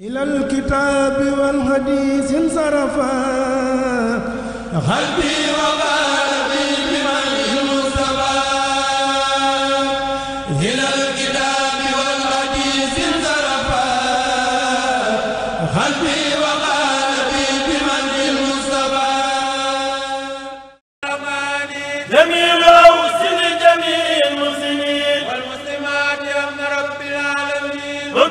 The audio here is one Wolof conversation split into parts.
إلى الكتاب والحديث انصرفا قلبي وقلبي بمن المصطفى إلى الكتاب والحديث انصرفا قلبي وقلبي بمن المصطفى جميل أوسن جميع المسلمين والمسلمات يا ابن رب العالمين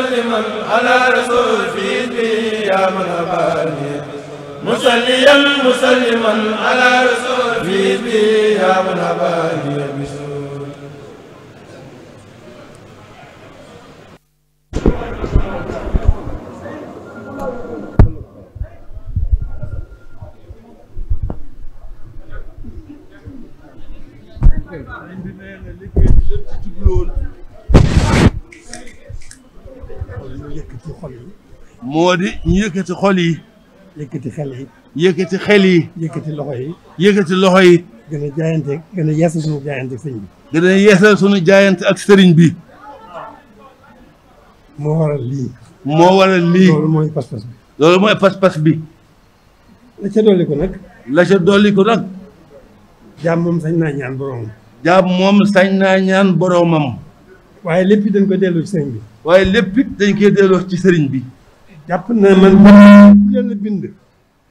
مسلما على رسول في بي يا مرحباني مسليا مسلما على رسول في بي يا مرحباني yëkkati xol yi. moo di ñu yëkkati xol yi. yëkkati xel yi. yëkkati xel yi. yëkkati loxo yi. yëkkati loxo yi. gën a jaayante gën a yeesal sunu jaayante ak sëriñ bi. gën a yeesal sunu jaayante ak sëriñ bi. moo waral lii. lii. loolu mooy pas-pas bi. loolu mooy pas-pas bi. la ca dolli ko nag. la ca ko nag. jaam moom sañ naa ñaan boromam. jaam moom sañ naa ñaan boromam. waaye léppi dañ ko dellu ci sëriñ bi. waaye lépp it dañ koy delloo ci sëriñ bi jàpp na man ku yàlla bind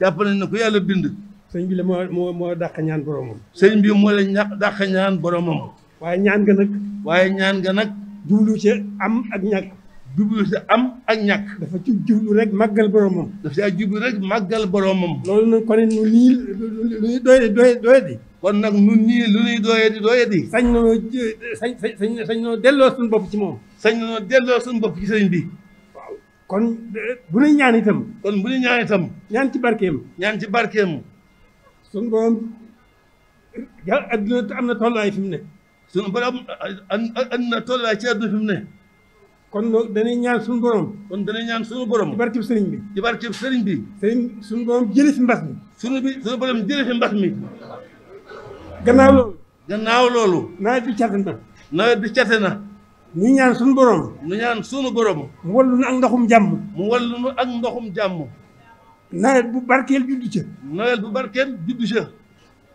jàpp nañ ne ku yàlla bind sëriñ bi la moo moo moo ñaan boromam sëriñ bi moo la ña dàq ñaan boromam waaye ñaan nga nag waaye ñaan nga nag jublu ci am ak ñàkk jublu ci am ak ñàkk dafa ci jublu rek màggal boromam dafa ci jublu rek màggal boromam loolu nag kon nu nii lu ñu doy doy doy di kon nag nun ñii lu ñuy dooyee di sañ noo sañ sañ sañ noo delloo suñu bopp ci moom sañ noo delloo suñu bopp ci sëriñ bi waaw kon bu ñu ñaan itam kon bu ñu ñaan itam ñaan ci barkeem ñaan ci barkeem suñu borom ja adduna am na tolluwaay fi mu ne suñu borom am na tolluwaay ci mu ne kon loolu danay ñaan borom. kon danay ñaan suñu borom. ci barkeb sëriñ bi. ci barkeb sëriñ bi. sëriñ suñu borom jëlee fi mbas mi. suñu bi suñu borom mi. gannaaw loolu. gannaaw loolu. nawet bi cate nawet bi cate na. ñu ñaan suñu borom. ñu ñaan suñu borom. mu wallu nu ak ndoxum jàmm. mu wallu nu ak ndoxum jàmm. nawet bu barkeel bi ca. nawet bu barkeel juddu ca.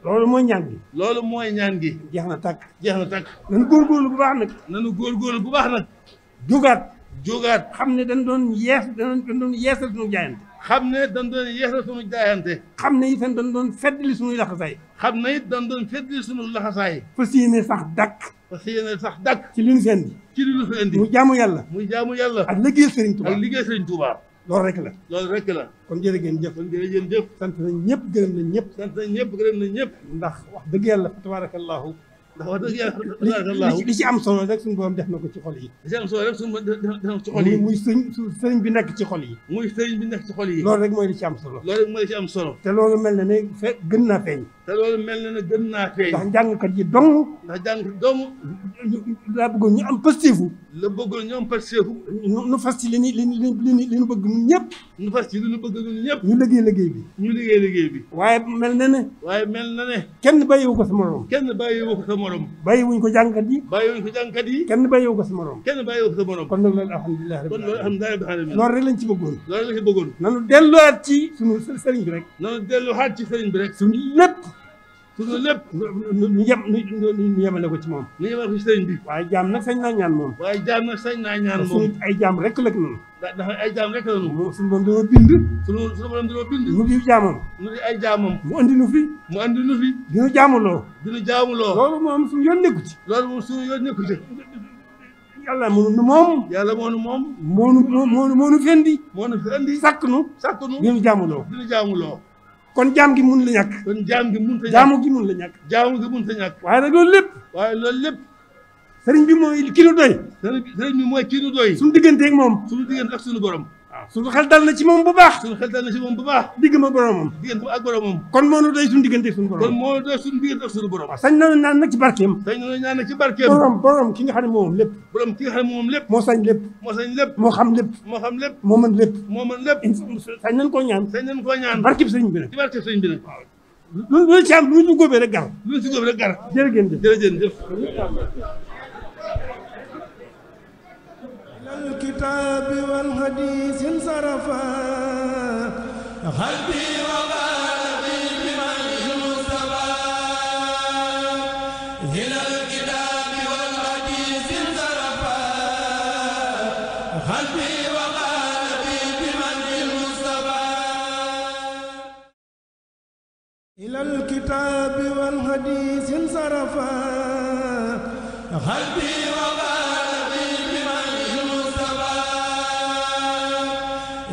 loolu mooy ñaan gi. loolu mooy ñaan gi. jeex na tàkk. jeex na tàkk. nañu góorgóorlu bu baax nag. góor góor bu baax nag. jógaat. jógaat xam ne dañ doon yees dañ doon yeesal suñu jaayante. xam ne dañ doon yeesal sunu jaayante. xam ne itam dañ doon feddali sunu laxasaay. xam ne it dañ doon feddali sunu laxasaay. fas yéene sax dàkk. fas yéene sax dàkk. ci li ñu fi ci li ñu fi indi. muy jaamu yàlla. muy jaamu yàlla. ak liggéey Serigne Touba ak liggéey Serigne Touba. loolu rek la. loolu rek la. kon jërë ngeen jëf. kon jërë ngeen sant nañ ñëpp gërëm nañ ñëpp. sant nañ ñëpp gërëm nañ ñëpp. ndax wax dëgg yàlla fa tabarakallahu wax dëgg yàlla li ci am solo rek suñu borom def na ko ci xol yi li ci am solo rek suñu borom def na ko ci xol yi muy sëñ sëriñ bi nekk ci xol yi muy sëriñ bi nekk ci xol yi loolu rek mooy li ci am solo loolu rek mooy li ci am solo te loolu mel na ne fe gën naa feeñ te loolu mel na ne gën naa feeñ. ndax jàngkat yi dong. ndax jàngkat dong. laa bëggoon ñu am pasteefu. la bëggoon ñu am pasteefu. ñu fas ci li ñu li ñu li bëgg ñëpp. ñu fas ci li ñu bëgg ñun ñëpp. ñu liggéey liggéey bi. ñu liggéey liggéey bi. waaye mel na ne. waaye mel na ne. kenn bàyyiwu ko sa morom. kenn bàyyiwu ko sa morom. bàyyiwuñ ko jàngkat yi. bàyyiwuñ ko jàngkat yi. kenn bàyyiwu ko kenn bàyyiwu ko sa morom. kon nag loolu alhamdulilah. kon loolu alhamdulilah. loolu rek lañ ci bëggoon. loolu rek lañ ci bëggoon. nanu delluwaat ci bi rek. nanu delluwaat ci sëriñ bi rek. suñu lépp loolu lépp ñu yem ñu ko ci moom ñu yemale ko ci sëriñ bi waaye jaam nag sañ naa ñaan moom waaye jaam nag sañ naa ñaan moom ay jaam rek lak noonu dafa ay jaam rek la noonu suñu mu andi nu fi mu andi nu fi dinu jaamuloo dinu jaamuloo moom suñu yoon nekku ci loolu moom suñu yoon nekku ci yàlla moonu moom moonu fendi moonu nu sàkk nu dinu jaamuloo dinu jaamuloo kon jaam gi mun la ñàkk. kon jaam gi mun la ñàkk jaamu gi mun la ñàkk. jaamu gi mun la ñàkk. waaye nag loolu lépp. waaye loolu lépp. sëriñ bi mooy ki nu doy. sëriñ bi mooy ki nu doy. suñu digganteeg moom. suñu diggante ak suñu borom. Ah. suñu xel dal na ci moom bu baax suñu xel dal na ci moom bu baax digg ma boromam diggante ak boromam kon moo nu doy suñu diggante suñu borom kon moo doy suñu diggante ak suñu borom sañ na naan nag ci barkeem sañ na naan nag ci barkeem borom borom ki nga xam ne moo moom lépp borom ki nga xam ne moom lépp moo sañ lépp moo sañ lépp moo xam lépp moo xam lépp moo mën lépp moo mën lépp sañ nañ koo ñaan sañ nañ koo ñaan barkeb sëñ bi nag ci barkeb sëñ bi nag lu lu ci am lu ñu góobee rek gar lu ñu si góobee rek gar jërëjëf jërëjëf بالكتاب والحديث انصرفا قلبي وقلبي بمنه المصطفى إلى الكتاب والحديث انصرفا قلبي وقلبي بمنه المصطفى إلى الكتاب والحديث انصرفا قلبي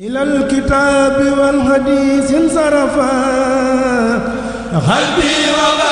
إلى الكتاب والحديث انصرفا قلبي وقلبي